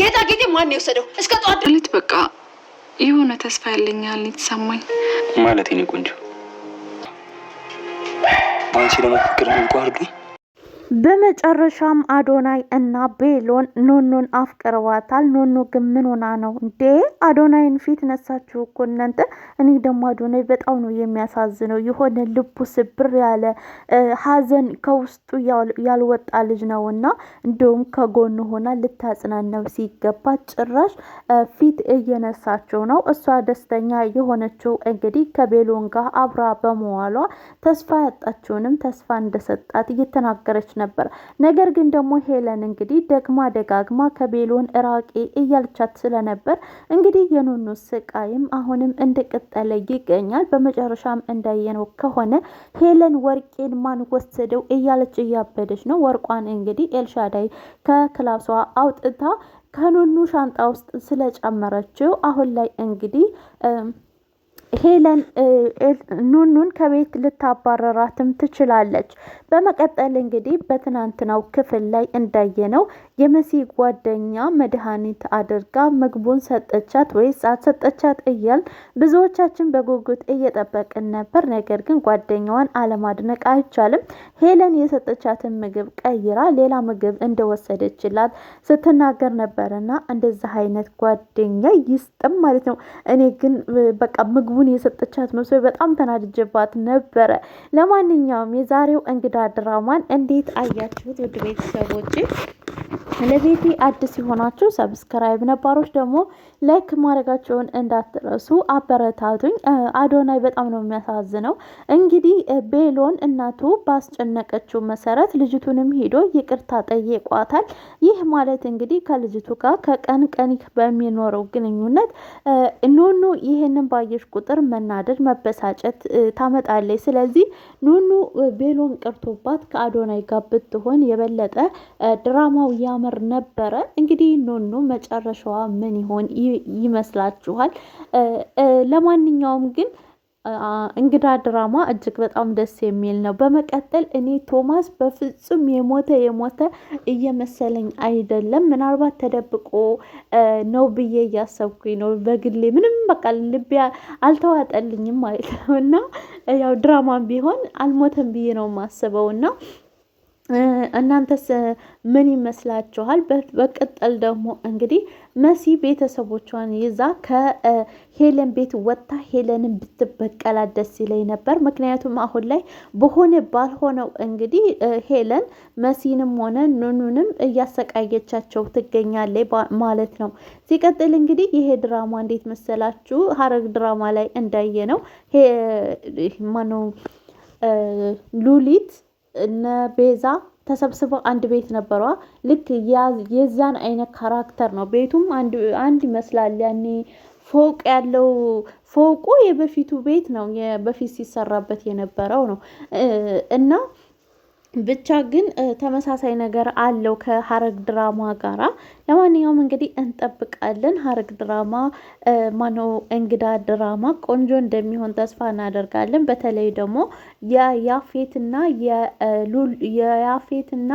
ጌጣጌጤ ማን የወሰደው? እስከ ጠዋት ድረስ በቃ የሆነ ተስፋ ያለኛል የተሰማኝ ማለት የኔ ቆንጆ በአንቺ ደግሞ ፍቅር አንቋርዱ በመጨረሻም አዶናይ እና ቤሎን ኖኖን አፍቅረዋታል። ኖኖ ግን ምን ሆና ነው እንዴ? አዶናይን ፊት ነሳችሁ እኮ እናንተ። እኔ ደግሞ አዶናይ በጣም ነው የሚያሳዝነው። የሆነ ልቡ ስብር ያለ ሀዘን ከውስጡ ያልወጣ ልጅ ነው እና እንደውም ከጎኑ ሆና ልታጽናነው ሲገባ ጭራሽ ፊት እየነሳችው ነው። እሷ ደስተኛ የሆነችው እንግዲህ ከቤሎን ጋር አብራ በመዋሏ ተስፋ ያጣችውንም ተስፋ እንደሰጣት እየተናገረች ነበር። ነገር ግን ደግሞ ሄለን እንግዲህ ደግማ ደጋግማ ከቤሎን እራቂ እያልቻት ስለነበር እንግዲህ የኑኑ ስቃይም አሁንም እንደቀጠለ ይገኛል። በመጨረሻም እንዳየነው ከሆነ ሄለን ወርቄን ማን ወሰደው እያለች እያበደች ነው። ወርቋን እንግዲህ ኤልሻዳይ ከክላሷ አውጥታ ከኑኑ ሻንጣ ውስጥ ስለጨመረችው አሁን ላይ እንግዲህ ሄለን ኑኑን ከቤት ልታባረራትም ትችላለች። በመቀጠል እንግዲህ በትናንትናው ክፍል ላይ እንዳየነው የመሲ ጓደኛ መድኃኒት አድርጋ ምግቡን ሰጠቻት ወይስ አልሰጠቻት እያል ብዙዎቻችን በጉጉት እየጠበቅን ነበር። ነገር ግን ጓደኛዋን አለማድነቅ አይቻልም። ሄለን የሰጠቻትን ምግብ ቀይራ ሌላ ምግብ እንደወሰደችላት ስትናገር ነበርና እንደዚህ አይነት ጓደኛ ይስጥም ማለት ነው። እኔ ግን በቃ ምግቡን የሰጠቻት መስሎኝ በጣም ተናድጄባት ነበረ። ለማንኛውም የዛሬው እንግዳ ድራማን እንዴት አያችሁት ውድ ቤተሰቦች? ለቤቴ አዲስ የሆናችሁ ሰብስክራይብ፣ ነባሮች ደግሞ ላይክ ማድረጋቸውን እንዳትረሱ፣ አበረታቱኝ። አዶናይ በጣም ነው የሚያሳዝነው። እንግዲህ ቤሎን እናቱ ባስጨነቀችው መሰረት ልጅቱንም ሄዶ ይቅርታ ጠየቋታል። ይህ ማለት እንግዲህ ከልጅቱ ጋር ከቀን ቀን በሚኖረው ግንኙነት ኑኑ ይህንን ባየሽ ቁጥር መናደድ፣ መበሳጨት ታመጣለች። ስለዚህ ኑኑ ቤሎን ቅርቶባት ከአዶናይ ጋር ብትሆን የበለጠ ድራማ ነው ያምር ነበረ። እንግዲህ ኖኖ መጨረሻዋ ምን ይሆን ይመስላችኋል? ለማንኛውም ግን እንግዳ ድራማ እጅግ በጣም ደስ የሚል ነው። በመቀጠል እኔ ቶማስ በፍጹም የሞተ የሞተ እየመሰለኝ አይደለም። ምናልባት ተደብቆ ነው ብዬ እያሰብኩኝ ነው በግሌ ምንም በቃ ልቤ አልተዋጠልኝም ማለት ነው። እና ያው ድራማም ቢሆን አልሞተም ብዬ ነው የማስበው እና እናንተስ ምን ይመስላችኋል? በቀጠል ደግሞ እንግዲህ መሲ ቤተሰቦቿን ይዛ ከሄለን ቤት ወጥታ ሄለንን ብትበቀላት ደስ ይለኝ ነበር። ምክንያቱም አሁን ላይ በሆነ ባልሆነው እንግዲህ ሄለን መሲንም ሆነ ኑኑንም እያሰቃየቻቸው ትገኛለች ማለት ነው። ሲቀጥል እንግዲህ ይሄ ድራማ እንዴት መሰላችሁ? ሀረግ ድራማ ላይ እንዳየ ነው ማነው ሉሊት እነ ቤዛ ተሰብስበው አንድ ቤት ነበሯ። ልክ የዛን አይነት ካራክተር ነው። ቤቱም አንድ ይመስላል። ያኔ ፎቅ ያለው ፎቁ የበፊቱ ቤት ነው፣ በፊት ሲሰራበት የነበረው ነው እና ብቻ ግን ተመሳሳይ ነገር አለው ከሀረግ ድራማ ጋራ። ለማንኛውም እንግዲህ እንጠብቃለን። ሀረግ ድራማ ማኖ እንግዳ ድራማ ቆንጆ እንደሚሆን ተስፋ እናደርጋለን። በተለይ ደግሞ የያፌትና የያፌትና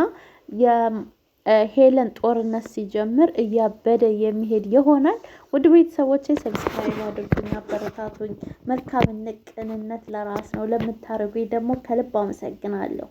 የሄለን ጦርነት ሲጀምር እያበደ የሚሄድ ይሆናል። ውድ ቤተሰቦቼ ሰብስክራይብ አድርጉኝ፣ አበረታቱኝ። መልካምነት፣ ቅንነት ለራስ ነው። ለምታደርጉኝ ደግሞ ከልብ አመሰግናለሁ።